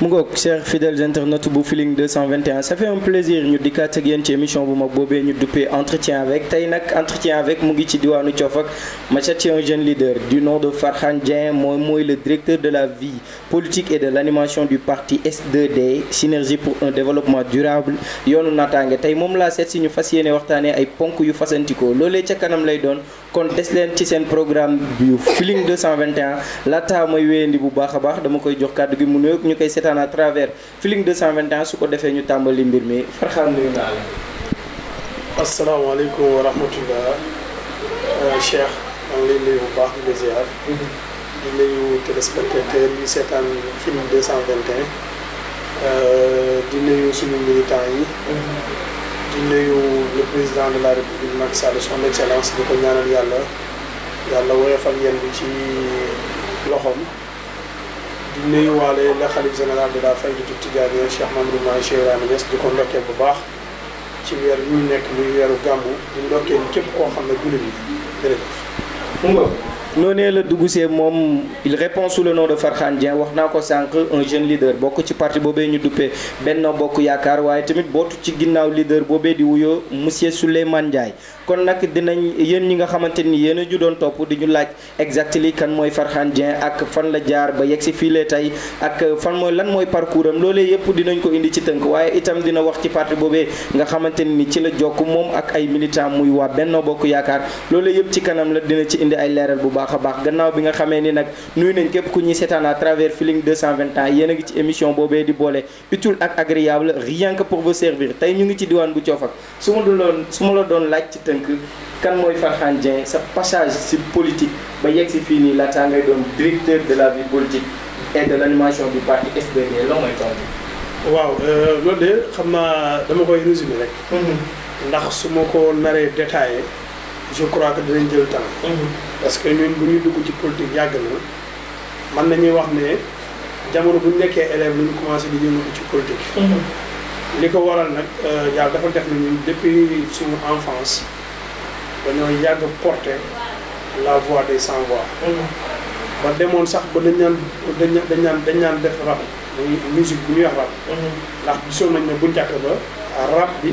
Mugok chers fidèles internautes 221 ça fait un plaisir de vous dire que émission bu émission entretien avec entretien avec un jeune leader du nom de Farhan Dieng le directeur de la vie politique et de l'animation du parti S2D synergie pour un développement durable yoonu on un nous ñu ay ponk yu programme bu 221 may bu baax dama koy jox mu seetaan à travers Feeling 221 su ko defee ñu tàmbali mbir mi Farxaan nuyu naa la. asalaamaaleykum wa rahmatullah euh, Cheikh maa ngi lay nuyu bu baax di ziar. di nuyu téléspectateur yu seetaan Feeling 221. Euh, di nuyu suñu militants yi. di nuyu le président de la république Macky Sall son excellence di ko ñaanal yàlla yàlla woyofal yéen bi ci loxoom. di nuyuwaale la xalif général de la Faydatou Tidianiya Cheikh Mamadou Mahi Cheikh Ibrahima di ko ndokkeel bu baax ci weer yu nekk muy weeru gàmmu di ndokkeel képp koo xam ne jullit yi jërëjëf noonee la dugg see moom il répond sous le nom de Farkhane Dieng wax naa ko sànq un jeune leader bokk ci parti boobee ñu duppee Benno Bokk Yaakaar waaye tamit bootu ci ginnaaw leader boobee di wuyo monsieur Souleymane Ndiaye kon nag dinañ yéen ñi nga xamante ni yéen a ju doon topp di ñu laaj exactement kan mooy Farkhane Dieng ak fan la jaar ba yegg si fii tey ak fan mooy lan mooy parcours am yëpp dinañ ko indi ci tënk waaye itam dina wax ci parti boobee nga xamante ni ci la jokk moom ak ay militant muy waa benn Bokk Yaakaar loolee yëpp ci kanam la dina ci indi ay leeral bu baax baax a baax gannaaw bi nga xamee ni nag nuy nañ képp ku ñuy seetaan à travers Feeling 221 yéen a ngi ci émission boobee di boole utile ak agréable rien que pour vous servir tey ñu ngi ci diwaan bu coofak su ma doon su ma la doon laaj ci tënk kan mooy Farkhane Dieng sa passage si politique ba yegg si fii nii laataa ngay doon directeur de la vie politique et de l' animation du parti SBD la mooy tontu. waaw euh, loolu de xam naa dama koy résumé rek. Mhm. ndax su ma ko naree détaillé je crois que dinañ jël temps. Mhm. parce que ñun bu ñuy dugg ci politique yàgg na mën nañuy wax ne jamono bu ñu nekkee élève lu ñu commencé di ñëw ci politique. Mhm. li ko waral nag euh, yàlla dafa def na ñun depuis suñu enfance dañoo yàgg porté la voix des sans voix. Mhm. ba demoon sax ba dañ naan dañ naan dañ naan def rap muy musique bu ñuy wax rap. ndax gisoon nañ ne bu njëkk ba rap bi.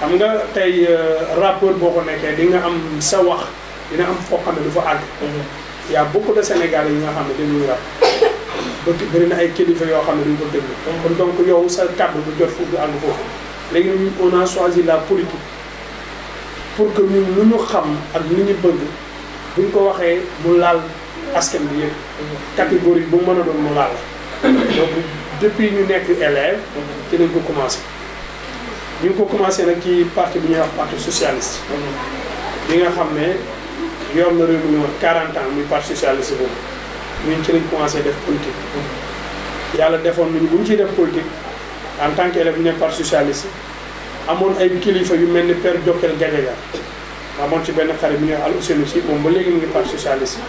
xam nga tey euh, rappeur boo ko nekkee di nga am sa wax dina am foo xam ne du fa àgg. Mhm. y' a beaucoup de Sénégalais yi nga xam ne dañuy rap ba bëri na ay kilifa yoo xam ne duñ ko déglu. Mhm. kon donc yow sa kàddu bu jot foofu du àgg foofu. léegi ñun on a choisi la politique pour que ñun lu ñu xam ak lu ñu bëgg buñ ko waxee mu laal askan bi yëpp. Mhm. catégorie bu mën a doon mu laal la. donc depuis ñu nekk élève ci lañ ko commencé. ñu ngi ko commencé nag ci parti bi ñuy wax parti socialiste. bi nga xam ne yor na réew mi woon 40 ans muy parti socialiste boobu ñun ci lañ commencé def politique. yàlla defoon nañu bu ñu ciy def politique en tant que élève ñu ne parti socialiste amoon ay kilifa yu mel ni Père Jokal Gadiaga amoon ci benn xarit bu ñuy wax Al Ousseynou Sy moom ba léegi mu ngi parti socialiste.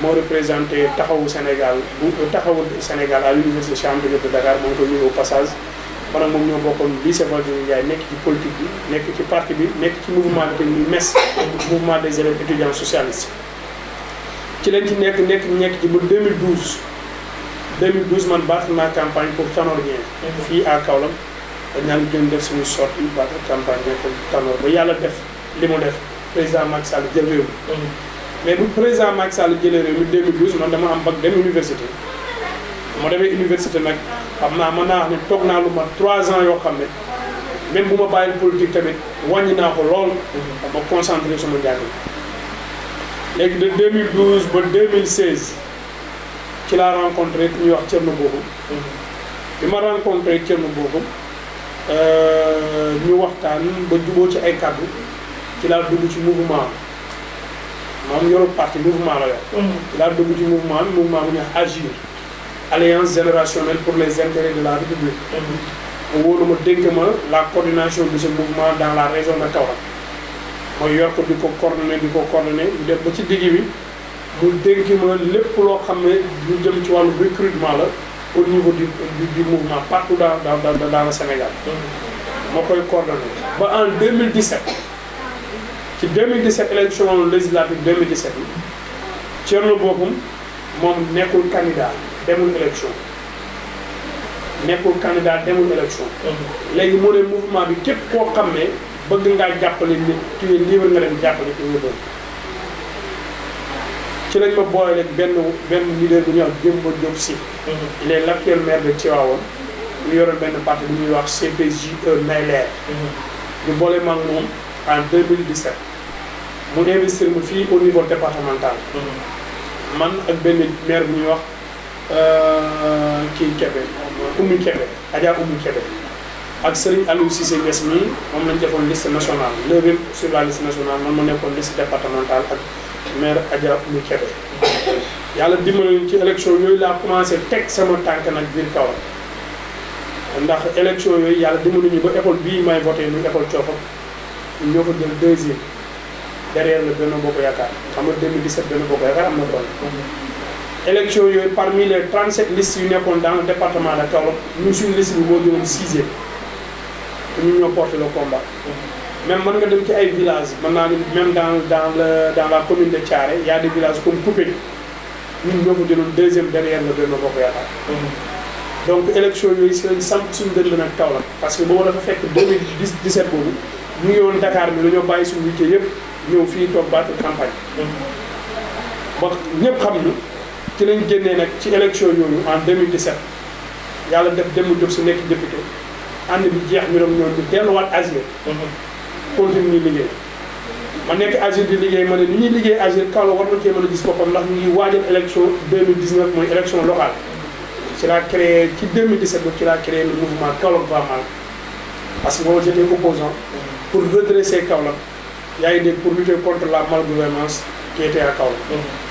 moo représenté taxawu Sénégal bu taxawu Sénégal al l'université Cheikh Anta Diop moo ngi ko man ak moom ñoo bokkoon lycée Valdiodio Ndiaye nekk ci politique bi nekk ci parti bi nekk ci mouvement bi te ñuy MES mouvement des élèves étudiants socialistes ci leen ci nekk nekk nekk ci ba 2012 2012 man battre naa campagne pour Tanor Dieng fii à Kaolack dañ naan gën def suñu sortie battre campagne ne ko Tanor ba yàlla def li mu def président Macky Sall jël réew mi mm-hmm. mais bu président Macky Sall jëlee réew mi 2012 man dama am bac dem université ma demee université nag trois ans yoo xam même bu ma politique tamit wàññi ko ma concentré de 2012 ba 2016 ci laa rencontré New ñuy rencontré Thierno à euh, ñu ba allé ci ay ci mouvement parti mouvement la mouvement Agir alliance générationnelle pour les intérêts de la République. mu wóolu ma la coordination de ce mouvement dans la région de Kaolack. Je yor ko coordonné je ko coordonné ñu def ba ci digg bi mu dénk ma lépp recrutement au niveau du du mouvement partout dans dans dans le Sénégal. ma koy coordonné ba en 2017. ci 2017 élection législative 2017 Thierno Bokum, mon nekkul candidat demul élection nekkul candidat demul élection léegi mouvement bi képp koo xam bëgg ngaa jàppale nit tu es libre nga ci ci lañ leader il est l'actuel maire de Tivaouane ñu yoroon benn parti CPJE ñu boole en 2017 mu investir ma fii au niveau départemental man ak maire ñuy wax Euh, kii Kébé Oumy Kébé Adja Oumy Kébé ak Serigne Aliou Cissé Guèss mii moom lañ defoon liste national neuvième sur la liste nationale man ma nekkoon liste départementale ak maire Adja Oumy Kébé yàlla dimbali ci élection yooyu laa commencé teg sama tànk nag biir Kaolack ndax élection yooyu yàlla dimbali ñu ba école bii may voté muy école Coofam ñoo ko jël deuxième derrière la Benno Bokk Yaakaar xam nga 2017 Benno Bokk Yaakaar am na doole élection yooyu parmi les 37 listes yu nekkoon dans le département de Kaolack ñun suñu liste bi boo jëloon sixième te ñun ñoo porté le combat. même mën nga dem ci ay villages man naa ni même dans dans dans la commune de Thiaré y a des villages comme Coupé ñun ñoo ko jëloon deuxième derrière la Benno Bokk Yaakaar. donc élection yooyu si lañ samp suñu dënd nag parce que boobu dafa fekk 2017 boobu ñu ngi woon Dakar bi dañoo bàyyi suñu wité yëpp ñëw fii toog baatu campagne. ba ñëpp xam ki lañ génnee nag ci élection yooyu en 2017 yàlla def dem jóg su nekk député ànd bi jeex ñu doon ñoom ñu delluwaat Agir. Mhm. continue ñu liggéey. ma nekk Agir di liggéey ma ne ni ñuy liggéey Agir Kaolack war na cee mën a gis boppam ndax ñu ngi waajal élection 2019 mooy élection locale. ci laa créé ci 2017 boobu ci laa créé le mouvement Kaolack va parce que boobu j'étais opposant pour redresser Kaolack yaa ngi dégg pour lutter contre la malgouvernance qui était à Kaolack. Mhm.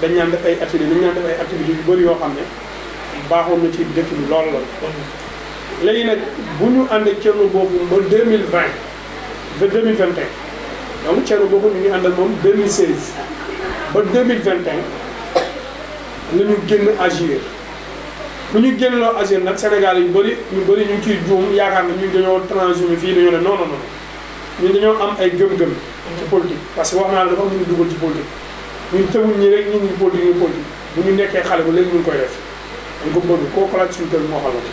dañ naan dafay activité dañ naan dafay activité yu bëri yoo xam ne baaxoon na ci dëkk bi lool lool léegi nag bu ñu ànd ak Thierno boobu ba 2020 ba 2021 donc Thierno boobu ñu ngi ànd ak moom 2016 ba 2021 la ñu génn agir lu ñu génn loo agir nag Sénégal yu bëri ñu bëri ñu ngi ciy yaakaar na ñun dañoo transhumé fii dañoo ne non non non ñun dañoo am ay gëm gën ci politique parce que wax naa la dafa am ñu dugal ci politique ñun tëwuñ ñii rek ñun ñu produit ñu produit bu ñu nekkee xale bu léegi ñu ngi koy def dañ ko produit koo xalaat suñu kër moo xamante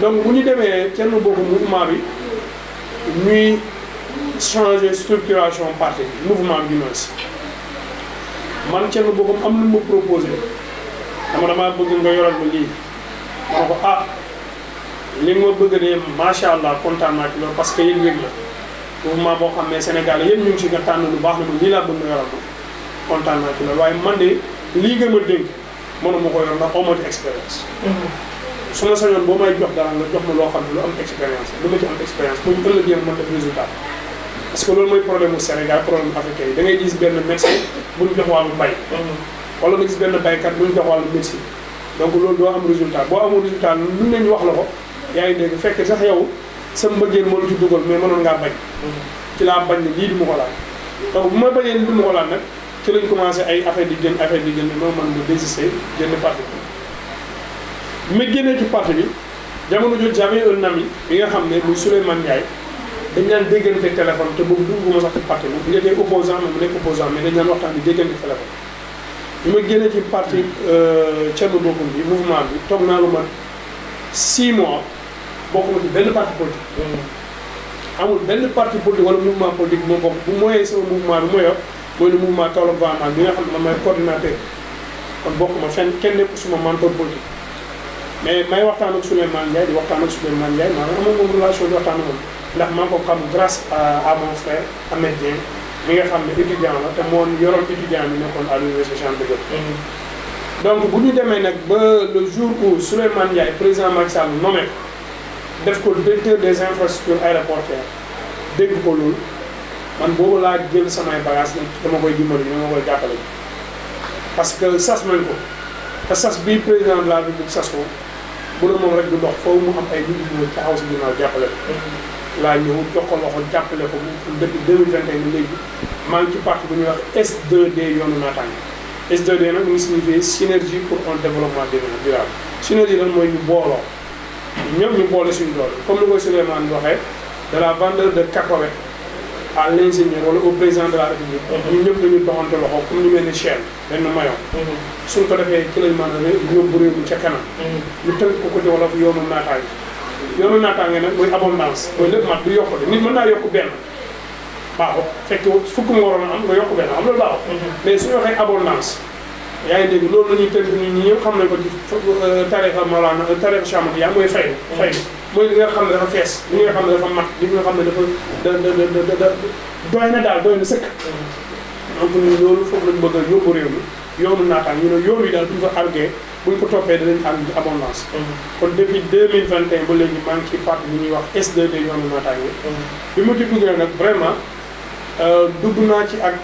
donc bu ñu demee kenn mu mouvement bi ñuy changer structuration parti bi mouvement bi noonu si man kenn bokk am lu mu proposé dama damaa bëgg nga yoral ma lii ma ko ah li nga bëgg de macha allah kontaan naa parce que yëg-yëg la mouvement boo xam ne Sénégal yëpp ñu ngi ci nga tànn lu baax la moom lii laa bëgg nga yoral kontaan naa ci loolu waaye man de lii nga ma dénk mënuma ko yor ndax amoo ci expérience. Mhm. su ma sañoon boo may jox dara nga jox ma loo xam ne lu am expérience lu ma ci am expérience pour ñu ëllëg yéen mën def résultat parce que loolu mooy problème mu Sénégal problème mu africain yi da ngay gis benn médecin bu ñu jox wàllu mbay. Mhm. wala nga gis benn baykat bu ñu jox wàllu médecine donc loolu doo am résultat boo amul résultat lu nañu wax la ko yaa ngi dégg fekk sax yow sa mbëggeel moo la ci dugal mais mënoon ngaa bañ. Mhm. ci laa bañ ne lii du ma ko laal donc bu ma bañee lii du ma ko laal nag. ci lañ commencé ay affaire di génn affaire di génn non man ma désisté génn parti bi ma génnee ci parti bi jamono jooju j'avais un ami bi nga xam ne muy Souleymane Ndiaye dañ daan déggante téléphone te boobu ma sax ci parti bi bu nekkee opposant ma mu nekk opposant mais dañ daan waxtaan di déggante ma génnee ci parti euh, Thierno Bocoum bi mouvement bi toog naa lu man 6 mois bokkuma ci benn parti politique hmm. amul benn parti politique wala mouvement politique moo bokk bu mooyee sama mouvement bi ma mooy le mouvement va mal bi nga xam ne kon fenn kenn mentor politique mais may waxtaan ak Souleymane Ndiaye di waxtaan ak Souleymane Ndiaye un amoon moom relation di waxtaan ak ndax ko xam grâce à mon frère Ahmed Dieng mi nga xam étudiant la te étudiant à l'université mhm. donc bu le jour où Souleymane Ndiaye président Macky Sall nommé def ko directeur des infrastructures ko man boobu laa jël samay bagage ne dama koy dimbali dama koy jàppale parce que sas nañ ko te sas bii président de la République sas ko bu la moom rek du dox foofu mu am ay nit ñu taxaw si ginnaaw jàppale ko laa ñëw jox jàppale ko léegi maa ngi ci parti bu ñuy wax S2D yoonu naataange S2D nag mu ngi signifie synergie pour un développement durable synergie lan mooy ñu booloo ñoom ñu boole suñu doole comme ni koy Souleymane waxee de la vendeur de cacahuètes à l'ingénieur wala au président de la république mhm. ñun ñëpp dañu doxante loxo comme ñu mel ni chaîne benn maillon mhm. suñ ko defee ci lañ a yóbbu réew mi mhm. ko côté wala fu yoonu naataange yoonu naataange nag mooy abondance mooy lépp mat du yokku de nit mën naa yokk benn baaxut fekk fukk mu waroon a am nga yokk benn am loolu baaxut mais suñu waxee abondance yaa ngi dégg loolu la ñuy tënk nit ñi ñëpp xam nañ ko ci euh, tarixa Mawlana tarixa Chamadi yaa mooy fay fay mooy li nga xam ne dafa fees li nga xam ne dafa mat li nga xam ne dafa da da da doy na daal doy na sëkk. donc loolu foofu lañu bëgg a yóbbu réew mi yoonu naataan ñu ne yoon yi daal bu ñu fa argué bu ñu ko toppee danañ am abondance. Mm-hmm. kon depuis deux mille vingt ba léegi maa ngi ci parti bi ñuy wax SDD yoonu naataan yi. Mm-hmm. bi ma déglu nag vraiment euh, dugg naa ci ak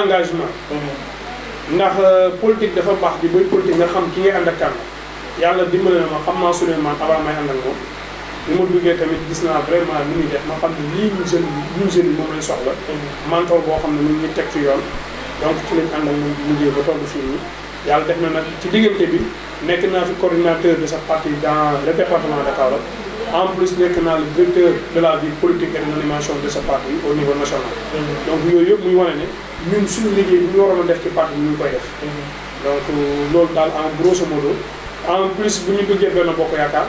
engagement. Mm-hmm. ndax euh, politique dafa baax bi booy politique nga xam ci ngay ànd ak kan yàlla dimbale na ma xam naa Souleymane avant may bi ma duggee tamit gis naa vraiment ni def ma xam ne lii ñu jeune ñun jeune yi moom lañ soxla mentor boo xam ne ñu ngi teg ci yoon donc ci lañ ànd ak moom liggéey ba toll fii nii yàlla def na nag ci diggante bi nekk naa fi coordinateur de sa parti dans le département de Kaolack en plus nekk naa le directeur de la vie politique et de l'animation de sa parti au niveau national mm-hmm. donc yooyu yëpp muy wane ne ñun suñu liggéey bu ñu waroon def ci parti bi ñu koy def mm-hmm. donc euh, loolu daal en grosso modo en plus bu ñu duggee benn bokk yaakaar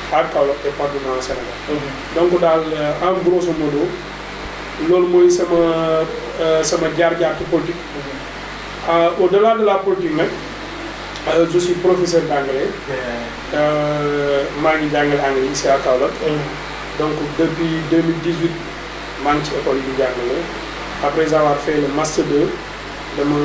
par Kaolack et partout mhm. donc daal euh, en grosso modo loolu euh, jaar-jaar ci politique. Mhm. Euh, la politique nag je suis professeur d' anglais. maa ngi mhm. maa ngi ci école yi di jàngale après avoir fait le master 2 dama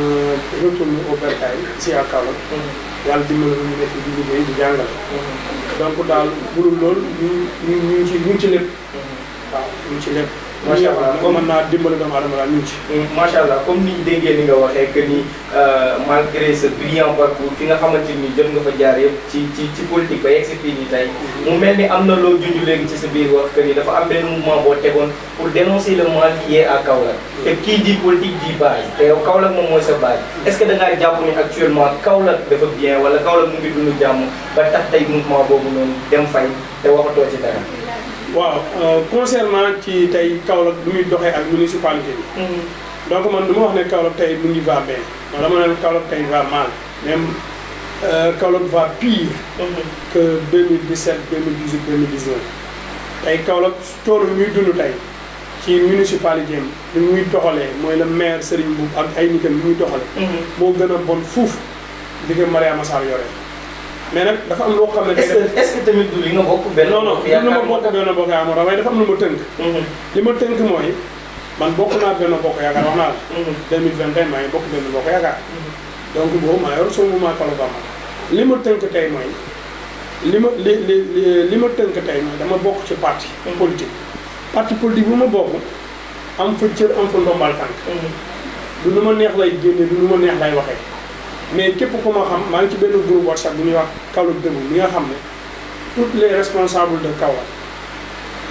retourné au Bercail ici à Kaolack. yàlla dimbali ko ñu def di liggéey di jàngale. Mhm. donc daal budul loolu ñu ñu ñu ngi ci ñu ci lépp. Mhm. waaw ñu ci lépp. macha allah ko mën naa dimbali doomu aadama daal ñu ngi ci. Mm, macha allah comme ni ñu déggee ni nga waxee que ni euh, malgré ce brillant parcours fi nga xamante nii jëm nga fa jaar yëpp ci ci ci politique ba yegg si fii nii tey. Mm-hmm. mu mel ni am na loo junj léegi ci sa biir wax que ni dafa am benn mouvement boo tegoon pour dénoncer le mal lié à Kaolack. Mm-hmm. te kii di politique di base te yow Kaolack moom mooy sa base. Mm-hmm. est-ce que da ngaa jàpp ni actuellement Kaolack dafa bien wala Kaolack mu ngi dund jàmm ba tax tey mouvement boobu noonu dem fay te waxatoo ci dara. waaw euh, concernant ci tey Kaolack du muy doxee ak municipalité bi. Mm-hmm. donc man du ma wax ne Kaolack tey mu ngi va bien man ma ne Kaolack tey va mal même euh, Kaolack va pire. Mm-hmm. que 2017 2018 2019. tey Kaolack toolu ñuy dund tey ci municipalité am ni muy doxalee mooy le maire Serigne Mboup ak ay nitam ni muy doxalee. Mm-hmm. moo gën a bon fuuf li ko Mariama Sarr yore. mais nag dafa am loo xam ne. est-ce que est-ce que tamit du li nga bokk benn. non non li ma bokk tënk. Mhm. li ma tënk mooy man bokk naa benn bokk yaakaar wax naa la. 2021 mhm. maa ngi bokk benn bokk yaakaar. Mhm. donc boobu maa yor soo ba li ma tënk tey mooy li ma li li li ma tënk tey mooy dama bokk ci parti politique. parti politique bu ma bokk am fa cër am fa ndombal tànk. du nu ma neex lay génne du nu ma neex lay waxee. mais képp ku ma xam maa ngi ci benn groupe whatsapp bu ñuy wax Kaolack dëggu mi nga xam ne toutes les responsables de Kaolack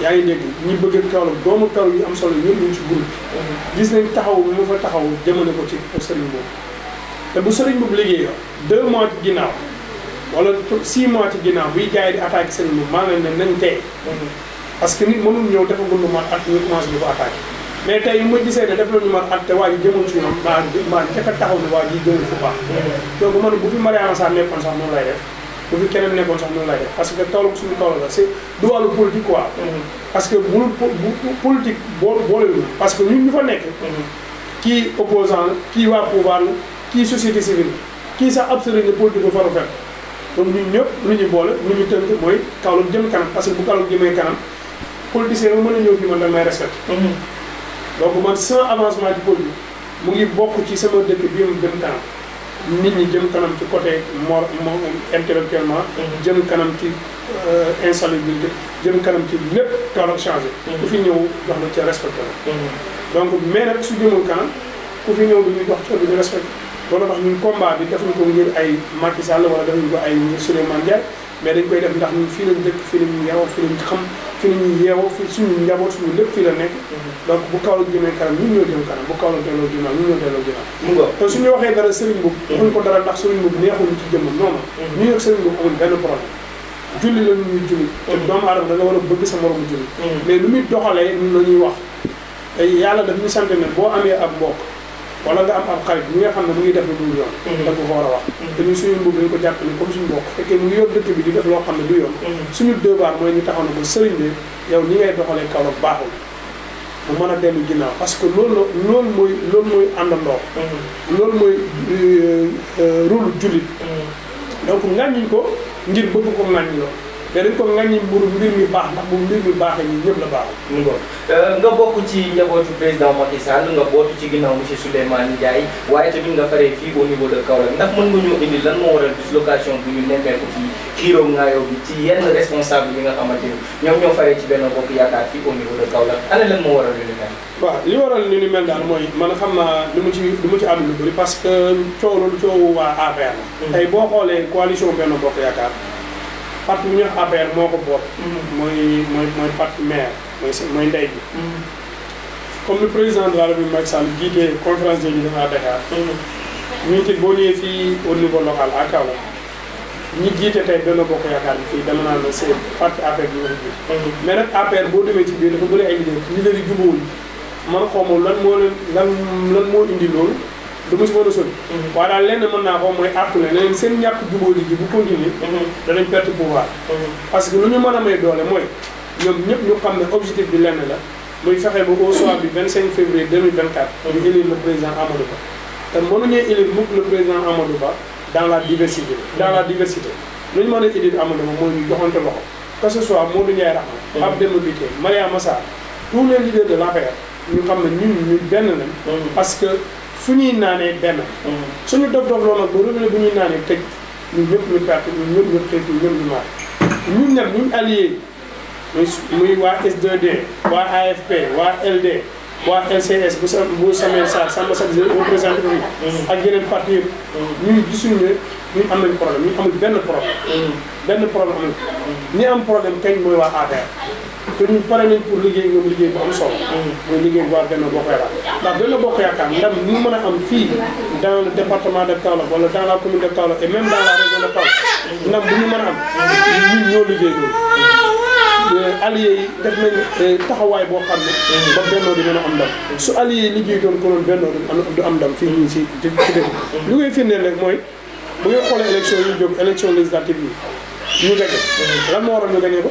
yaa ngi dégg ñi bëgg Kaolack doomu Kaolack bi am solo ñun ñu ci groupe gis nañ taxaw bi mu fa taxaw jëmale ko ci sëriñ boobu te bu sëriñ boobu liggéeyoo de mois ci ginnaaw si six mois ci ginnaaw buy jaay di attaqué sëriñ boobu maa ngi leen ne nañ tey mm-hmm. parce que nit mënul ñëw dafa gund ma at ñu commencé di ko attaqué mais tay mu gisé né def nañu ma atte waa ji jëmul ci ñoom maa ma ci ka taxaw ne waji ji jëmul fu baax. donc man bu fi ansa né kon sax mo lay def bu fi kenen né kon sax mo lay def parce que toolu suñu toolu la c'est du walu politique quoi. parce que bu politique boo boolewul parce que ñun ñu fa nekk. ki opposant ki wa pouvoir ki société civile ki sa absolu absolument politique bu faru fekk donc ñun ñëpp lu ñu bolé ñu ñu teunk moy Kaolack jëm kanam parce que bu Kaolack jëmé kanam politiciens bi ñëw fi man damay respect donc man sans avancement du produit mu ngi bokk ci sama dëkk bi mu jëm kanam nit ñi jën kanam ci côté mor moom intellectuellement mhm. jëm kanam ci euh, insalubrité jën kanam ci lépp tool ak changé mhm. ku fi ñëw dox na ci respecté la mhm. donc mais nag su jëmul kanam ku fi ñëw duñuy dox ci duñu respecté loolu tax ñu combat bi defuñ ko ngir ay Macky Sall wala defuñ ko ay Souleymane Ndiaye mais dañ koy def ndax ñun fii lañ dëkk fii lañ yaroo xam fi la ñuy yeewoo fi suñu njaboot suñu lépp fii la nekk mhm. donc bu Kaolack jëmee kanam ñun ñoo jëm kanam bu Kaolack delloo ginnaaw ñun ñoo delloo ginnaaw te suñu waxee dara Serigne Mboup mhm. waxuñ ko dara ndax Serigne Mboup neexuñu ci jëmmam noonu mhm. ñu ak Serigne Mboup amul benn problème julli la ñuy julli te doomu aadama da nga war a bëgg sa moromu julli mais lu muy doxalee ñun la ñuy wax te yàlla daf ñu sant ne boo amee ab mbokk wala nga am am xarit bi nga xam ne mu ngi def lu dul yoon mhm. da nga ko war a wax mhm. te ñun suñu mbokk dañu ko jàpp ni comme suñu mbokk fekkee mu ngi yor dëkk bi di def loo xam ne du yoon mhm. suñu devoir mooy ñu taxaw ne ko sëriñ bi yow ni ngay doxalee kaw rek baaxul mu mën a dellu ginnaaw parce que loolu lool mooy loolu mooy àndandoo loolu mooy euh, euh, rôle jullit donc ŋàññiñ ko ngir bëgg ko ŋàññi loolu mais dañ ko ŋaññi mbur mi baax ndax bu mbir mi baaxee ñun ñëpp la baaxul. mu ngoog euh, nga bokk ci njabootu président Macky Sall nga bootu ci ginnaaw monsieur Souleymane Ndiaye waaye tamit nga faree fii au niveau de Kaolack ndax mën nga indi lan moo waral dislocation bi ñu nemmeeku fii xiiroo ngaayoo bi ci yenn responsable yi nga xamante ni ñoom ñoo faree ci benn bokk yaakaar fii au niveau de Kaolack ana lan moo waral lu ni mel. li waral li ni mel daal mooy mu ci am parce que coow loolu coowu waa APR la. Mm. tey boo xoolee Bokk Yaakaar parti bi ñu def moo ko boot mm-hmm. mooy mooy mooy parti maire mooy mooy ndey bi mm-hmm. comme le président de la République Macky Sall jiite conférence mm-hmm. yi ñu Dakar ñu ngi boo ñëwee fii au niveau local à Kaolack ñi jiite bi fii dama naan la c'est parti APR bi ñu ngi mais nag boo demee ci biir dafa bëri ay leader leader yi man xawma lan moo leen lan lan moo indi loolu du ma si mën a sori waaye daal lenn mën naa ko mooy àpp ne leen seen ñàkk jubóo ji bu mhm. danañ perte pouvoir mhm. parce que lu ñu mën a may doole mooy ñoom ñëpp ñu xam ne objectif bi lenn la muy fexe ba au soir bi 25 février 2024 mhm. ñu élire le président Amadou Ba te mënuñu élire le président Amadou Ba dans la diversité dans la diversité lu ñu mën a élire Amadou Ba mooy ñu joxante loxo que ce soit Modou Ndiaye Rahman, Pape Demba Maria Mariama tous les leaders de l'APR ñu xam ne ñun ñu benn parce que su ñuy naanee benn. Mm-hmm. suñu dof dof loolu nag bu robinet bu ñuy naanee tëj ñun ñëpp ñu perte ñun ñëpp ñu xëy ñun ñëpp ñu maar ñu allié muy muy waa s d waa AFP waa LD waa LCS bu sa bu Samuel sa Samba Sarr di représenté mm-hmm. ak yeneen parti yëpp. Mm-hmm. ñun gisuñu ne ñun am nañu problème ñun amul benn problème. benn problème amul ñi am problème kañ mooy waa APR. te ñu pare nañ pour liggéey ñoom liggéey bu am solo. mooy liggéey bu waa benn bokk yaakaar ndax benn bokk yaakaar ndam ñu mën a am fii dans le département de Kaolack wala dans la commune de Kaolack et même dans la région de Kaolack ndam bu ñu mën a am ñun ñoo liggéey allié yi def nañ eh, taxawaay boo xam ne ba bennoo di mën a am ndam su allié yi liggéey doon ko noonu bennoo du am ndam fii ñii si ci dëkk li koy firndeel rek mooy bu ngeen xoolee élection yi jóg élection législative yi ñu gañe lan moo waral ñu gañe ko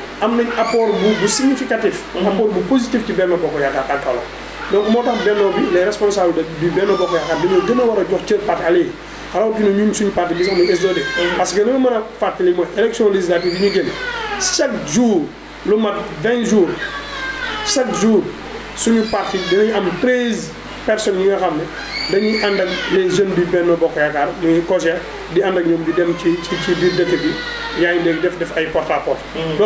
am nañ apport bu bu significatif. Mhm. apport bu positif ci Benno Bokk Yaakaar ak Kaolack. donc moo tax Benno bi les responsables du Benno Bokk Yaakaar dañoo gën a war a jox cër parti allié yi rawatina ñun suñu parti bi sax muy SDOD. Mhm. parce que li ma mën a fàttali mooy élection législative yi ñu génn chaque jour lu mat 20 jours chaque jour suñu parti dinañ am 13. personne dañuy les jeunes du Bokk Yaakaar muy di ak ñoom dem ci ci ci biir dëkk bi yaa ngi def def ay à mm.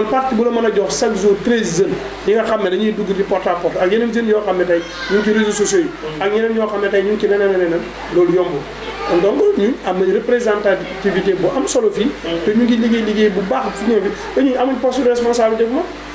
parti bu la jox chaque jour jeunes yi nga xam dañuy dugg di porte ak yeneen réseaux sociaux mm. ak yeneen représentativité bu am solo mm. ñu de responsabilité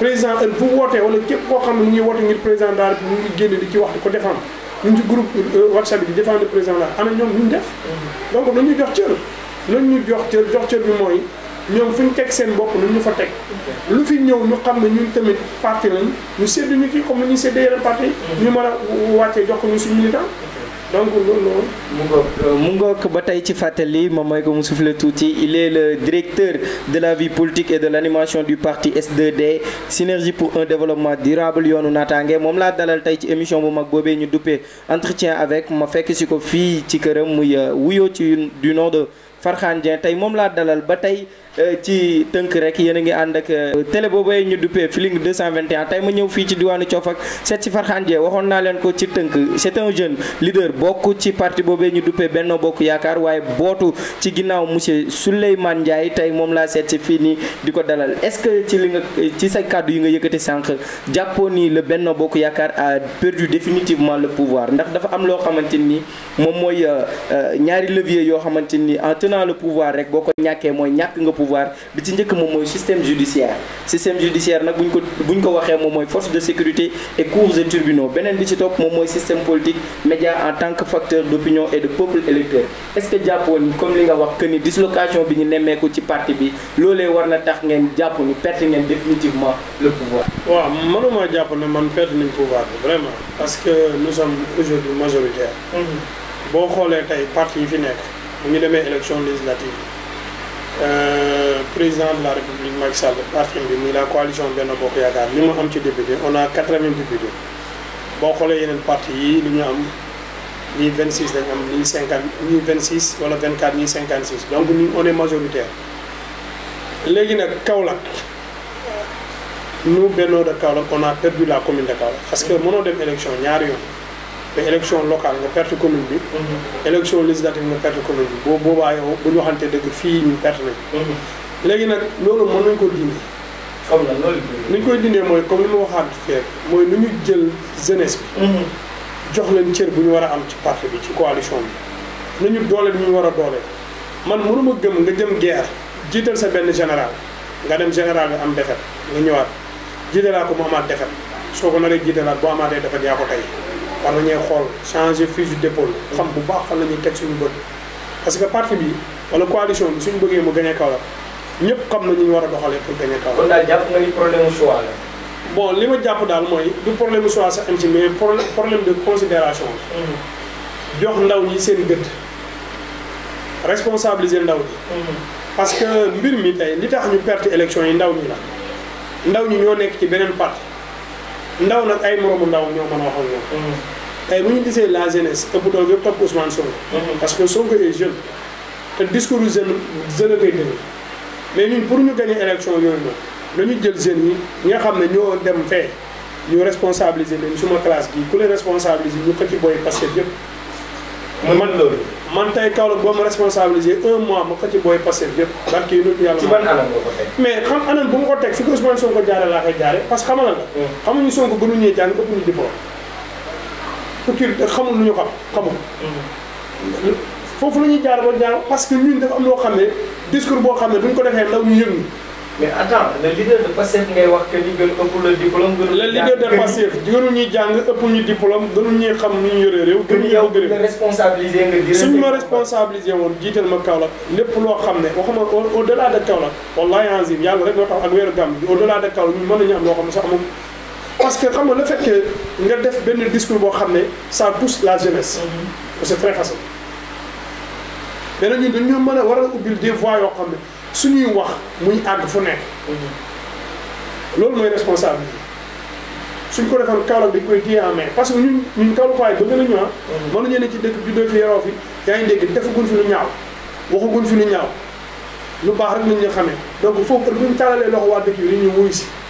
président heure bu wootee wala képp koo xam ne mu ngi woote ngir président daal mu ngi génn di ci wax di ko défendre ñu ci groupe euh, whatsapp bi di défendre président daal ana ñoom ñu def mm-hmm. donc ñuy jox cër nañ ñu jox cër jox bi mooy ñoom fu ñu teg seen bopp nañ ñu fa teg lu fi ñëw ñu xam na ñun tamit parti lañ ñu séddu ñu kii comme ni ñuy séddee yeneen parti mm-hmm. ñu mën a wàccee jox ko ñu suñu militant donc loolu noonu. mu ngoog euh, mu ngoog ci fàttali moom ko souffle il est le directeur de la vie politique et de l'animation du parti S2D synergie pour un développement durable yoonu naataange moom la dalal tey ci émission bu mag boobee ñu entretien avec ma fekk si ko fii ci këram muy euh, ci du nom de Farhan Dieng tey moom laa dalal ba Euh, ci tënk rek yéen a ngi ànd ak euh, télé boobee ñu duppee Feeling 221 tey ma ñëw fii ci diwaanu Coofak seet si Farkhane Dieng waxoon naa leen ko ci tënk c'est un jeune leader bokk ci parti boobee ñu duppee Benno Bokk Yaakaar waaye bootu ci ginnaaw monsieur Souleymane Ndiaye tey moom laa seet si fii nii di ko dalal est-ce que ci li nga ci sa kàddu yi nga yëkkati sànq jàppoo ni le Benno Bokk Yaakaar a perdu définitivement le pouvoir ndax dafa am loo xamante ni moom mooy euh, ñaari levier yoo xamante ni en tenant le rek boo ko ñàkkee mooy pouvoir le système judiciaire système judiciaire nak bu ko bu force de sécurité et cours et tribunaux benen bi ci système politique média en tant que facteur d'opinion et de peuple électeur est-ce que Japon comme li nga wax que ni dislocation bi ñu ko ci parti bi lolé war na tax ngeen jàpp ni perdre ngeen définitivement le pouvoir waaw mënuma jàpp ne man perdre nañ pouvoir vraiment parce que nous sommes aujourd'hui majoritaires mhm. Bon, xolé tay parti yi fi nek ñu démé élection législative euh, président de la République Macky Sall parti bi muy la coalition Benno Bokk Yaakaar li ma am ci député on a 80 députés boo xoolee yeneen parti yi li ñu am ni 26 dañ am ni 50 nii 26 wala 24 ni 56 donc ni on est majoritaire léegi nag Kaolack nous Benno de Kaolack on a perdu la commune de Kaolack parce que mënoo dem élection ñaari yoon. te élection locale nga perte commune bi. Mhm. élection législative nga perte commune bi boo boobaa yow bu ñu waxante dëgg fii ñu perte nañ. Mhm. léegi nag loolu mën nañ ko dindi. xam nga loolu ni ñu koy dindee mooy comme li ma waxaat fee mooy nu ñu jël jeunesse mhm. jox leen cër bu ñu war a am ci parti bi ci coalition bi nañu doole ñu war a doole man mënuma gëm nga jëm guerre jiital sa benn général nga dem général bi am defet nga ñëwaat jiitalaat ko mu amaat defet soo ko naree jiitalaat boo amaatee defet yaa ko tey. war nañuy xool changer fusil d'épaule xam bu baax fan la ñuy teg suñu bët parce que parti bi wala coalition bi suñu bëggee mu gagné Kaolack ñëpp xam na ñu ñu war a doxalee pour gagné Kaolack. kon daal jàpp nga ni problème choix la. bon li ma jàpp daal mooy du problème choix sax am ci mais problème de considération mhm. jox ndaw ñi seen gëdd responsabiliser ndaw ñi. Mhm. parce que mbir mi tey li tax ñu perte élection yi ndaw ñi la ndaw ñi ñoo nekk ci beneen parti. ndaw nag ay moroomu ndaw ñoo mën a wax ak ñoom. Mm. tey bu ñu gisee la jeunesse ëpp doole yëpp topp Ousmane Sonko. Mm-hmm. parce que Sonko est jeune. te discours jeune jeune ngay déglu mais ñun pour ñu gagné élection yooyu noonu jël jeunes yi ñi xam ne ñoo dem fee ñu responsabiliser leen suma classe gi ku leen responsabiliser ñu xëcc boy parce que yëpp. mu man loolu man tey Kaolack boo ma un mois ma ko ci booy passé yëpp barke yi dootu yàlla. ci ban anam nga ko mais xam anam bu ma ko teg fi ko Ousmane Sonko jaare laa koy jaare parce xamal la. Hmm. xamuñu Sonko gënuñee jàng ëpp ñu diplôme. culture xamul lu ñu xam xamul. Hmm. foofu la ñuy jaar ba jaar parce que dafa am loo xam ne discours boo xam ne bu ñu ko defee ndaw ñu yëngu. mais attends le leader de ngay wax que ñu gën ëpp le diplôme. gënu le leader de Pastef gënu ñuy jàng ëpp ñu diplôme gënu ñuy xam nu ñu yore réew. gënu yow gën a responsabiliser nga gën suñ ma responsabiliser woon jiital ma Kaolack lépp loo xam ne waxuma au delà de Kaolack wallahi azim yàlla rek moo tax ak weeru gàmm bi au delà de Kaolack mën nañu am loo xam ne sax moom. parce que xam nga le fait que nga def benn discours boo xam ne ça touche la jeunesse. Mhm. c'est très facile. mais nag ñun dañu mën a war a ubbil des voies yoo xam suñuy wax muy àgg fu nekk. loolu mooy responsabilité suñ ko defoon Kaolack dañ koy téye en main parce que ñun ñun Kaolackaay bëgg nañu ah. mënuñu ne ci dëkk juddoo fi yaroo fi yaa ngi dégg defaguñ fi lu ñaaw waxaguñ fi lu ñaaw lu baax rek lañ ñu xamee donc foofu bu ñu taalalee loxo waa dëkk yi dañuy wuyu si.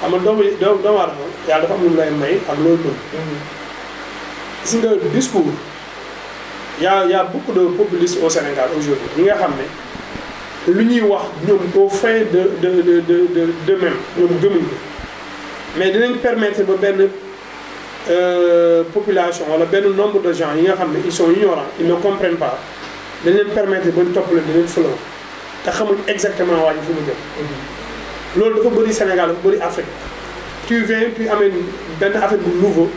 xam nga doomu doomu doomu aadama yàlla dafa am lu lay may ak looy mën. gis nga discours y' a y' a beaucoup de populistes au Sénégal aujourd'hui ñi nga xam ne lu ñuy wax ñoom au fin de de de de de de même ñoom gëmuñ ko mais dinañ permettre ba benn euh, population wala benn nombre de gens yi nga xam ne ils sont ignorants ils ne comprennent pas dañ leen permettre ba ñu topp leen dinañ fëlaw te xamuñ exactement waa ñu fi mu jëm. Mhm. loolu dafa bëri Sénégal dafa bari Afrique tu viens tu amènes benn affaire bu nouveau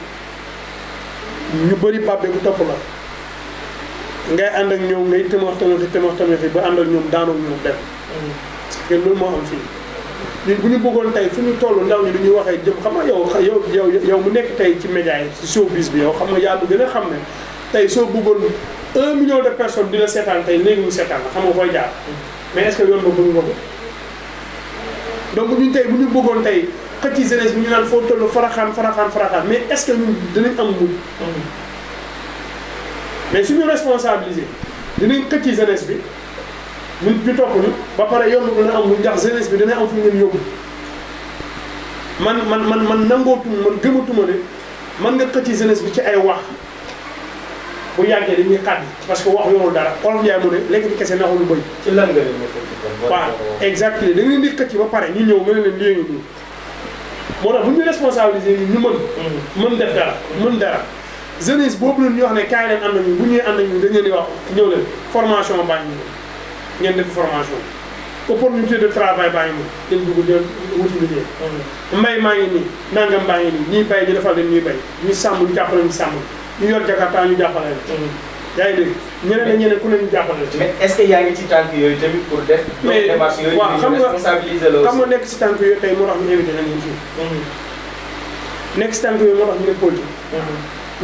ñu bëri bàbbe bu topp la ngay ànd ak ñoom ngay tëmax tëmaxi tëmax tëmaxi ba ànd ak ñoom daanoog ñoom dem parce que loolu moo am fii ñun bu ñu bëggoon tey fu ñu toll ndaw ñi du ñuy waxee jëm xam nga yow yow yow yow mu nekk tey ci média yi ci showbiz bi yow xam nga yaa bu gën a xam ne tey soo bëggoon un million de personnes di la seetaan tey léegi mu seetaan la xam nga fooy jaar mais est-ce que yoon donc vous avez bu ñu bëggoon tey jeunesse bi ñu mais est-ce que nous dinañ am mais suñu vous dinañ jeunesse bi ñu ñu topp ñu ba pare am ndax jeunesse bi am fu ngeen yóbbu man man man man nangootuma man gëmatuma ne man nga jeunesse bi ci ay wax bu parce que wax dara xolof yaay ne waaw exactement da ngeen di xëcc ba pare ñu ñëw nga ne leen lii ngi dund moo tax bu ñu responsabiliser ñu mën mm-hmm. mën def dara mën dara jeunesse boobu leen ñu wax ne kaay leen na nañu bu ñuy ànd nañu dañ leen di wax ñëw leen formation baa ngi ngeen def formation opportunité de travail baa ngi nii dañ dugg leen wuti liggéey mm-hmm. mbay maa ngi nii nangam baa ngi nii ñuy bay ñu defal leen ñuy bay ñu sàmm ñu jàppale ñu sàmm ñu yor jakarta ñu jàppale leen mm-hmm. yaa ngi dégg ñeneen ak ñeneen ku leen jàppale ci. mais est-ce yaa ngi ci tànk yooyu tamit pour def. mais waaw xam nga responsabiliser la aussi. xam nga nekk si tànk yooyu tey moo tax ñu invité nañ ñu mhm. nekk si tànk yooyu moo tax ñu def politique. Mhm.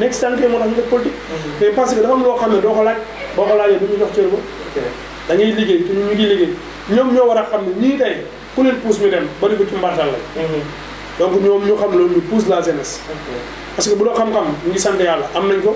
nekk si mhm. parce que dafa am loo xam ne doo ko laaj boo ko laajee du ñu jox cër ba. liggéey te ñu ngi liggéey ñoom ñoo war a xam ne ñii tey ku leen pousse ñu dem ba di ko ci mbartal la. donc ñoom ñu xam loolu ñu la jeunesse. parce que bu doo xam-xam ñu ngi sant yàlla am nañ ko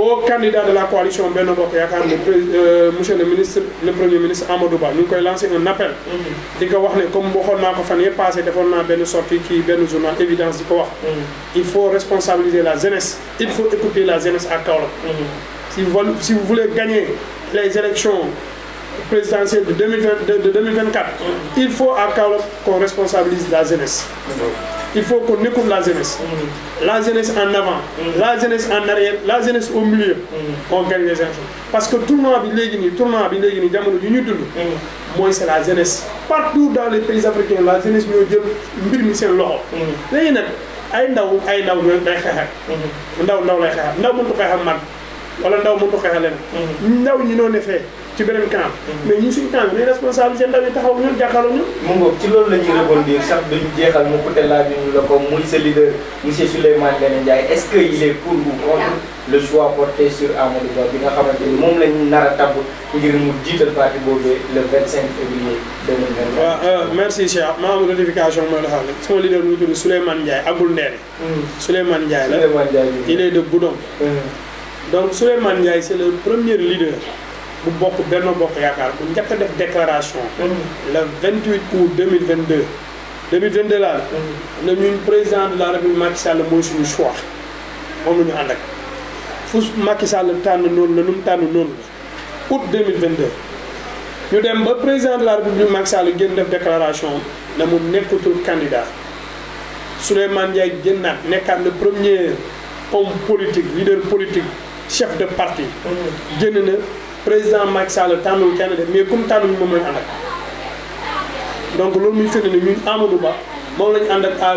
au candidat de la coalition benoît Bokk le euh, monsieur le ministre le premier ministre Amadou Ba nous koy lancer un appel. Mm-hmm. di wax ne comme waxoon naa ko fan yëpp passé defoon naa sortie qui benn journal évidence di mm-hmm. il faut responsabiliser la jeunesse. il faut écouter la jeunesse à Kaolack. Mm-hmm. si si vous voulez gagner les élections présidentielle de, 2024, il faut à qu'on responsabilise la jeunesse. Il faut qu'on écoute la jeunesse. La jeunesse en avant, la jeunesse en arrière, la jeunesse au milieu. On gagne les Parce que tout le monde a dit, tout le monde a moi c'est la jeunesse. Partout dans les pays africains, la jeunesse nous dit, mbir mi seen loxo. léegi a ay ndaw ay ndaw Nous ndaw ndaw ndaw wala ndaw ndaw ñi ne ci beneen camp. mais ñun suñu camp bi responsable responsabilité ndaw yi taxaw ñun jàkkaarloo ñu. mu ngoog ci loolu la ñuy rebondir sax dañu jeexal mu côté laaj ñu la ko muy sa leader monsieur Souleymane Ndéné Ndiaye est-ce que il est pour vous contre le choix porté sur Amadou Ba bi nga xamante ni moom lañ nar a tabb ngir mu jiital parti boobu le 25 février 2023 waaw euh, merci cher ma am notification mooy la xam sama leader mu tudd Souleymane Ndiaye Agul Ndéné. Hmm. Souleymane Ndiaye la Souleymane Ndiaye il est de Boudon. Hmm. donc Souleymane Ndiaye c'est le premier leader bu bokk Benno Bokk Yaakaar bu njëkk a def déclaration. le 28 août 2022. 2022 laa la. Mm. ñun président de la République Macky Sall mooy suñu choix. moom la ñu ànd ak fu Macky Sall tànn noonu la nu mu tànn noonu la août 2022. ñu dem ba président de la République Macky Sall gën def déclaration na mu nekkatul candidat Souleymane Ndiaye génnaat nekkaat le premier homme politique leader politique chef de parti. Mm. gën na. président Macky Sall tànnul kenn de mais comme tànnuñ moom la ànd ak donc loolu muy firnde ne ñun Amadou Ba moom la ànd ak à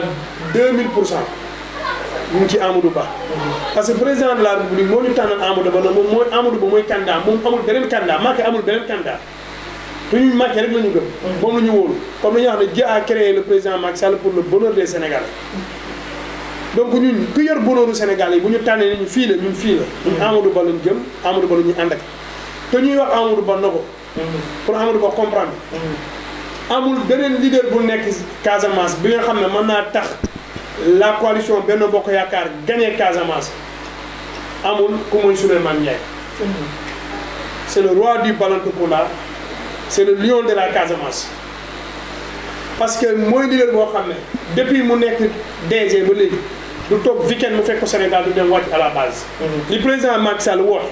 2000 pour cent ñu ngi ci Amadou Ba. parce que président de la République moo ñu tànnal Amadou Ba moom mooy Amadou Ba mooy candidat moom amul beneen candidat Macky amul beneen candidat te ñun Macky rek la ñu gëm. moom la ñu wóolu comme li a créé le président Macky Sall pour le bonheur des Sénégalais. donc ñun ku yor Sénégal yi bu ñu tànnee ne ñu fii la ñun fii la. ñun Amadou Ba lañ jëm Amadou Ba la ñuy ànd ak. te ñuy wax amul Ba na pour amul Ba comprendre. amul beneen leader bu nekk Casamance bi nga xam ne mën naa tax la coalition benn Bokk Yaakaar gagné Casamance amul ku muy Souleymane Ndiaye. c' est le roi du de c' est le lion de la Casamance. parce que mooy leader boo xam ne depuis mu nekk DG ba léegi du toog weekend mu fekk ko Sénégal du dem wàcc à la base. Mm-hmm. li président Macky Sall woote.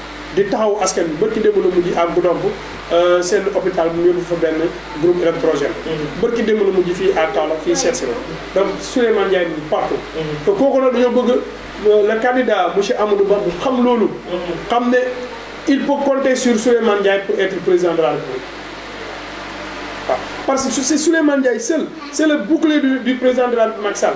di taxaw askan bi bërki démb la mujj ak bu domp euh, seen hôpital bu yóbbu fa benn groupe électrogène mm-hmm. bërki démb la mujj fii à Kaolack fii seet si la mm-hmm. donc Souleymane Ndiaye bi partout mm-hmm. te kooku nag dañoo bëgg euh, le candidat monsieur Amadou Ba bu xam loolu xam ne il peut compter sur Souleymane Ndiaye pour être président de la République waaw ah, parce que c'est Souleymane Ndiaye seul c'est le bouclier du président de la République Macky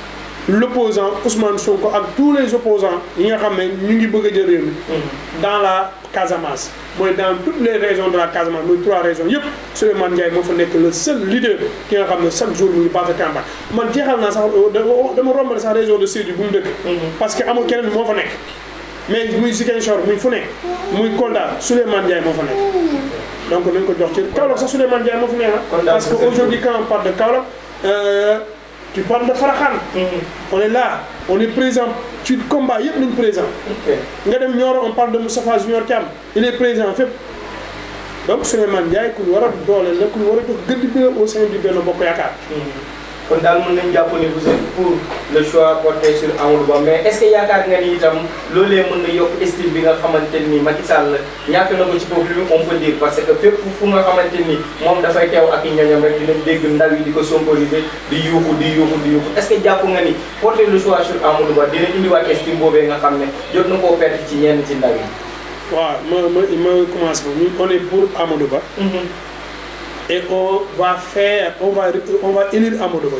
l'opposant Ousmane Sonko ak tous les opposants yi nga xam ne ngi bëgg jël réew mm-hmm. dans la Casamance dans toutes les régions de la Casamance toutes trois régions yëpp Souleymane Ndiaye moo fa le seul leader ki nga xam chaque jour mu ngi battre campagne man jeexal naa sax euh, euh, dama rombal sax région de Sédhiou bu dëkk mm-hmm. parce que amul keneen moo fa nekk mais muy Ziguinchor muy fu nekk muy Kolda Souleymane Ndiaye moo fa nekk donc nañ ko jox ci Kaolack sax Souleymane Diaye moo fa nekk parce que aujourd'hui quand on parle de Kaolack euh, tu parles de Faraxaan. Mhm. on est là on est présent ci combat yëpp nañ présent. nga dem Nioro on parle de Moustapha Junior Thiam il est présent fépp. donc Souleymane Ndiaye ku ñu war a dooleel la ku ñu war a jox gëdd bi au sein du Benno Bokk Yaakaar. Mhm. kon daal mën nañ jàpp ni vous êtes pour le choix porté sur Amadou Ba mais est yaakaar nga ni itam loolee mën na yokk estime bi nga xamante ni Macky Sall ñàkk na ko ci bopp bi on peut parce que fépp fu nga xamante ni moom dafay teew ak i rek dinañ dégg ndaw yi di ko sonkoriser di yuuxu di yuuxu di yuuxu est jàpp nga ni porté le choix sur Amadou Ba dina indiwaat estime boobee nga xam ne jot na koo perte ci ñenn ndaw yi. waaw pour Ba. Mm-hmm. et on va faire, on va, on va élire Amadouba.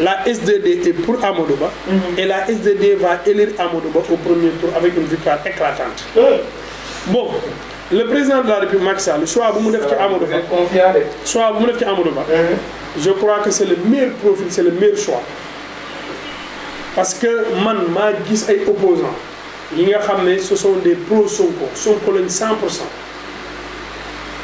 La SDD est pour Amadouba mhm. et la SDD va élire Amadouba au premier tour avec une victoire éclatante. Euh. Bon, le président de la République Maxime soit euh, vous me Amadouba, soit vous me Amadouba, mhm. je crois que c'est le meilleur profil, c'est le meilleur choix. Parce que man, ma guise est opposant. Ce sont des pro-Sonko, Sonko 100%.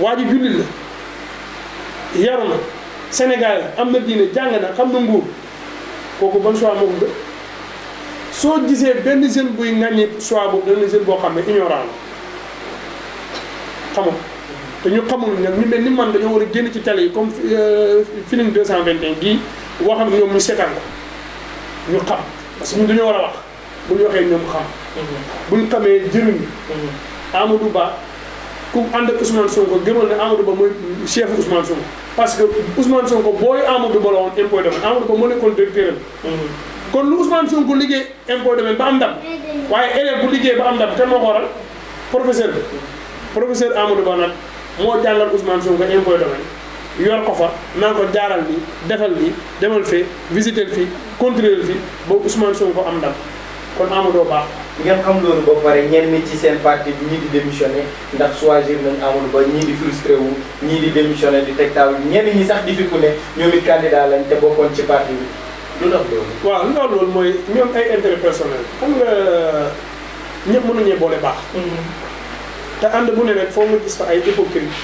waa ji jullit la yaru na Sénégal am na diine jàng na xam na nguur kooku ban choix moo ko gën soo gisee benn jeune buy ŋàññi choix boobu benn jeune boo xam ne ignorant la xamul te ñu xamul ñu mel ni man dañoo war a génn ci télé yi comme euh, film 221 gii wax ak ñoom ñu seetaan ko ñu xam parce que ñun dañoo war a wax bu ñu waxee ñoom xam. Mm-hmm. bu ñu xamee jëriñu. Mm-hmm. Amadou Ba. ku ànd ak Ousmane Sonko gëmal ne Amadou Ba mooy chef Ousmane Sonko parce que Ousmane Sonko booy Amadou Ba la woon impôt domaine Ba moo nekkoon directeur mm-hmm. kon lu Ousmane Sonko liggéey impôt ba am ndam mm-hmm. waaye élève bu liggéey ba am ndam te moo ko waral professeur bi professeur Amadou Ba nag moo jàngal Ousmane Sonko impôt domaine yor fa naa ko jaaral bi defal bi demal fee visiter fi contrôler fii ba Ousmane Sonko am ndam kon Amadou Ba. ngeen xam loolu ba pare ñenn ci seen parti bi ñii di démissionné ndax choisir nañ Amadou Ba ñii di frustré wu ñii di démissionné di teg taw ñenn sax di fi ku ne ñoom it candidat lañ te bokkoon ci parti bi lu tax loolu. waaw lu tax loolu mooy ñoom ay intérêt personnel xam nga ñëpp mënuñee boole baax. Mhm. te ànd bu ne rek foo nga gis fa ay hypocrite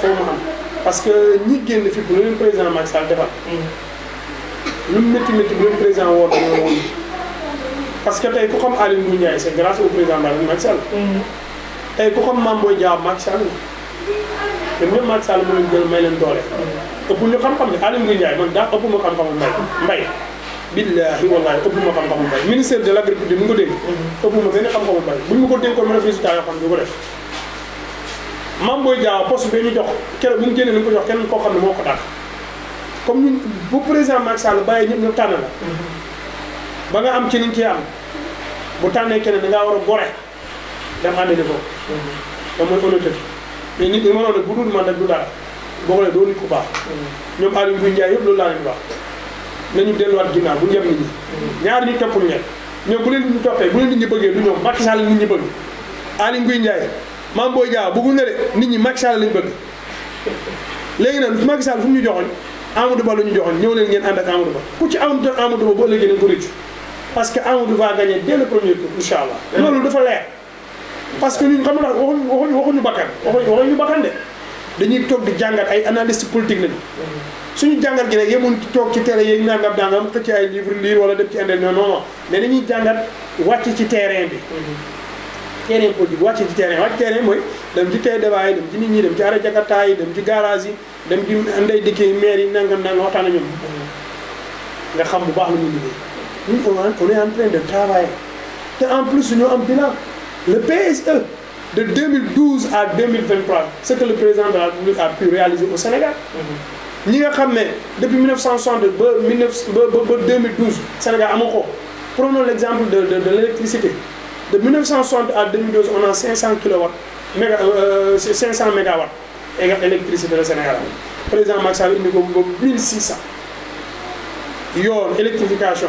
foo mu am parce que ñi génn fi bu leen président Macky Sall defal. Mhm. lu métti métti bu leen président parce que tey ku xam Aly Ngouille Ndiaye c' est grâce au président de la République Macky Sall. Mm-hmm. ku xam Mame Boye Diao Macky Sall ñun leen jël may leen doole. Mm-hmm. ëpp ñu xam-xam ne Aly Ngouille Ndiaye man daa ëpp ma xam-xamu mu ko dénk. ëpp ma xam mm-hmm. ko dénkoon ma def résultat yoo xam du ko def. ñu jox keroog bu ko jox kenn koo xam ne moo ko dàq comme ñun bu président Macky Sall bàyyi ñëpp ñu tànn la ba nga am ci li nga am bu tànnee keneen da ngaa war a gore dem ànd ni ko. da mooy honnêteté mais nit ñi ma ne bu dul man nag du dara boo xoolee doo nit ku baax. ñoom Aliou Mbuy Ndiaye yëpp loolu laal leen di wax delluwaat ginnaaw bu njëb nit ñaar ñi toppul ñett ñoom bu leen nit ñi toppee bëggee du ñoom Macky Sall nit ñi bëgg Aliou Mbuy Ndiaye maam Boy Diaw bëgguñu ne de nit ñi Macky Sall lañ bëgg léegi nag Macky Sall fu mu ñu joxoon Amadou Ba la ñu joxoon ñëw leen ngeen ànd ak Amadou Ba ku ci ànd ak Amadou Ba bu ëllëgee leen ko rëccu parce que Amadou va gagner dès le premier tour incha allah. loolu dafa leer. parce que ñun xam nga waxuñu waxuñu waxuñu bakkan waxuñu bakkan de dañuy toog di jàngat ay analyste politique lañu. suñu jàngat gi rek yemuñ ci toog ci terrain yeeg nangam nangam xëcc ay livre lire wala dem jàngat wàcc ci terrain bi. terrain politique wàcc ci terrain wàcc terrain mooy dem ci tey débat dem ci nit ñi dem ci arrêt jakarta yi dem ci garage yi dem ci ndey dikki maire yi nangam nangam waxtaan ak ñoom. nga xam bu baax lu muy liggéey. Nous, on, est en train de travailler. Et en plus, nous, un bilan, le PSE de 2012 à 2023, ce que le président de la République a pu réaliser au Sénégal. Mhm. Nous, avons depuis 1960 2012 Sénégal mon prenons l'exemple de l'électricité. de 1960 à 2012 on a 500 kW, 500 mégawatts d'électricité au Sénégal président Macky Sall 1600 une électrification.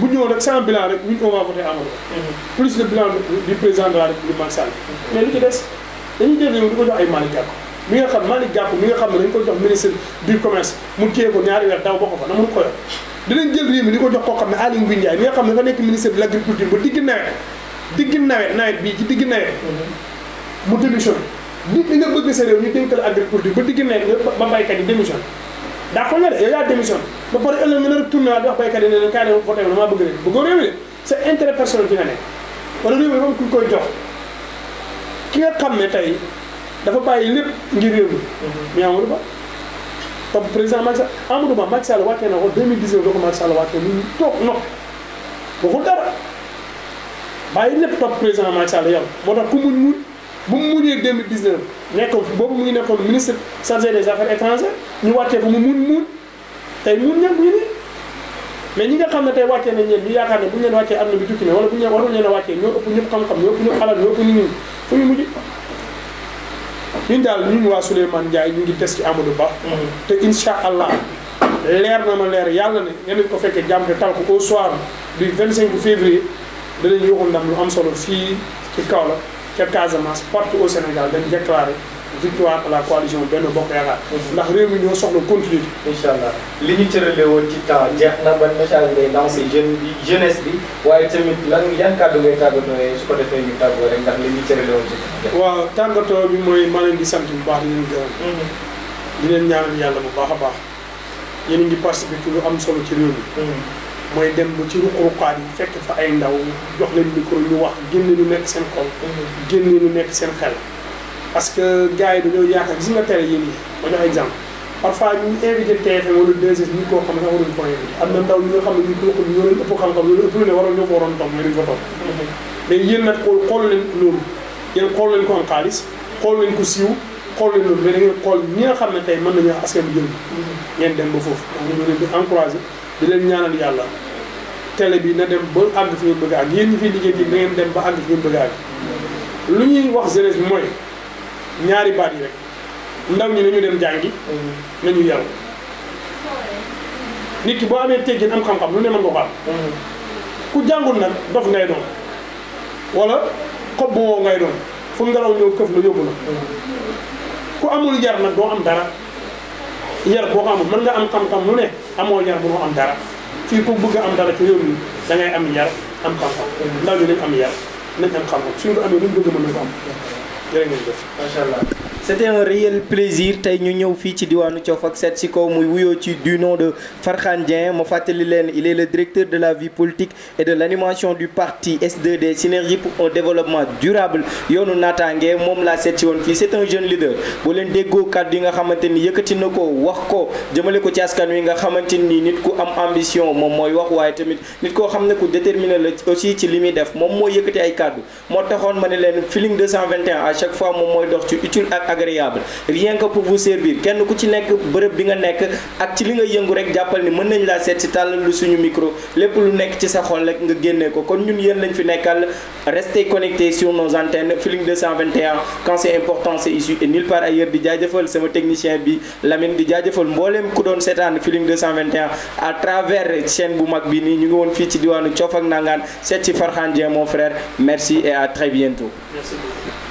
bu ñëwoon rek sans bilan rek ñun on va voter Amadou Ba. Mhm. plus le bilan du président de la République Macky Sall. Mhm. mais lu ci des dañuy jël di ko jox ay Malick Gakou mi nga xam Malick Gakou mi nga xam ne dañu ko jox ministre du commerce mu téye ko ñaari weer daw ba fa na mënu ko yor dinañ jël réew mi di ko jox koo xam ne Aly Ngouille Ndiaye mi nga xam ne dafa nekk ministre de l' agriculture ba digg nawet digg nawet nawet bii ci nawet mhm. mu démissionné nit ñi nga bëgg sa réew ñu dénkal agriculture ba digg nawet yi démissionné d'accord nga de yow yaa démission ba pare ëllëg nga ne rek tourné waat ne leen kaay ne voté ma bëgg rek réew mi de sa intérêt personnel ci nga nekk wala réew mi moom ku koy jox ki nga xam ne tey dafa bàyyi lépp ngir réew mi. mais mhm. Amadou Ba topp président Macky Sall Amadou Ba Macky Sall toog na ko 2019 doo ko dara bàyyi lépp topp président Macky Sall yow moo tax ku bu mu muñee 2019 nekkoon boobu mu ngi nekkoon ministre chargé des affaires étrangères ñu wàccee ko mu muun muun tey muun ñam ñu nii mais ñi nga xam ne tey wàccee nañ leen ñu yaakaar ne bu ñu leen wàccee am na bi jukki ne wala bu ñu leen waroon leen a wàccee ñoo ëpp ñëpp xam-xam ñoo ëpp ñëpp xalaat ñoo ëpp nit ñi fu ñu mujj ñun daal ñun waa Souleymane Ndiaye ñu ngi des ci Amadou Ba te insha allah leer na ma leer yàlla ne yeneen ko fekkee jàmm te tal ko au soir du 25 février danañ yoxul ndam solo fii ci Kaolack ca Casamance partout au Sénégal dañ déclaré victoire à la coalition Benno Bokk Yaakaar. ndax réew mi ñoo soxla continuer. incha allah li ñu cëralee woon ci temps jeex na ban message ngay lancé jeune bi jeunesse bi waaye tamit lan yan kàddu ngay tàggatoo su ko defee ñu tàggoo rek ndax li ñu cëralee woon ci. waaw tàggatoo bi mooy maa leen di sant bu baax di leen gërëm. Mhm. di leen ñaanal yàlla bu baax a baax yéen a ngi participer ci lu am solo ci réew mi. Mhm. mooy dem ba ci ruq-ruqaan yi fekk fa ay ndaw jox leen micro ñu wax génne lu nekk seen xol. génne lu nekk seen xel. parce que gars yi dañoo yaakaar gis nga télé yéen yi ma jox exemple parfois ñu invité TFM wala 2S ñu koo xam ne sax waruñu ko invité am na ndaw ñu nga xam ne ñu ko waxul ñoo leen ëpp xam-xam ñoo leen ëpp lu ne waroon ñoo ko waroon toog mais duñ ko toog mais yéen nag xool xool leen loolu yéen xool leen ko am xaalis xool leen ko siiw xool leen loolu mais da ngeen xool ñi nga xam ne tey mën nañu wax askan bi jël ngeen dem ba foofu donc ñu leen di encouragé di leen ñaanal yàlla tele bi na dem ba àgg fi ñu bëgg a àgg yéen ñi fiy liggéey nii na ngeen dem ba àgg fi ñu bëgg a lu ñuy wax jeunesse bi mooy ñaari baat yi rek ndaw ñi nañu dem jàngi nañu yaru nit ki boo amee teggin am xam-xam lu ne mën nga ko am ku jàngul nag dof ngay doon wala xob bu woo ngay doon fu ngelaw ñëw këf la yóbbu la ku amul yar nag doo am dara yar boo ko amul mën nga am xam-xam lu ne amoo yar mënoo am dara fii ku bëgg am dara ci réew am yar am xam-xam ndaw ñi am yar nañ am xam-xam suñu amee luñ bëgg mën na ko am jërë ngeen allah c'était un réel plaisir Tay ñu ñëw fi ci diwanu Thiof ak seet ko muy wuyo ci du nom de Farkhane Dieng Mo fàttali len, il est le directeur de la vie politique et de l'animation du parti S2D synergie pour un développement durable Yonu naataange mom la seet si woon c'est un jeune leader boo len déggo kàddu yi nga xamanteni yëkëti nako ko wax ko jëmele ko ci askan wi nga xamanteni nit ku am ambition mom moy wax waaye tamit nit ko xam ku déterminé la aussi ci limi def mom moy yëkëti ay kàddu Mo taxone mané len feeling 221 à chaque fois mom moy dox ci utile ak rien que pour vous servir kenn ku ci nek beurep bi nga nek ak ci li nga yëngu rek jàppal ni mën nañ la sét lu suñu micro les lu nek ci sa xol rek nga génné ko kon ñun yeen lañ fi nekkal restez connectés sur nos antennes Feeling 221 quand c'est important c'est issu et nulle part ailleurs di c'est sama technicien bi Lamine di jaajëfal mbooleem ku doon sétane Feeling 221 à travers chaîne bu mag bi ni ñu ngi won fi ci diwanu Coof ak Nangaan ci mon frère merci et à très bientôt merci beaucoup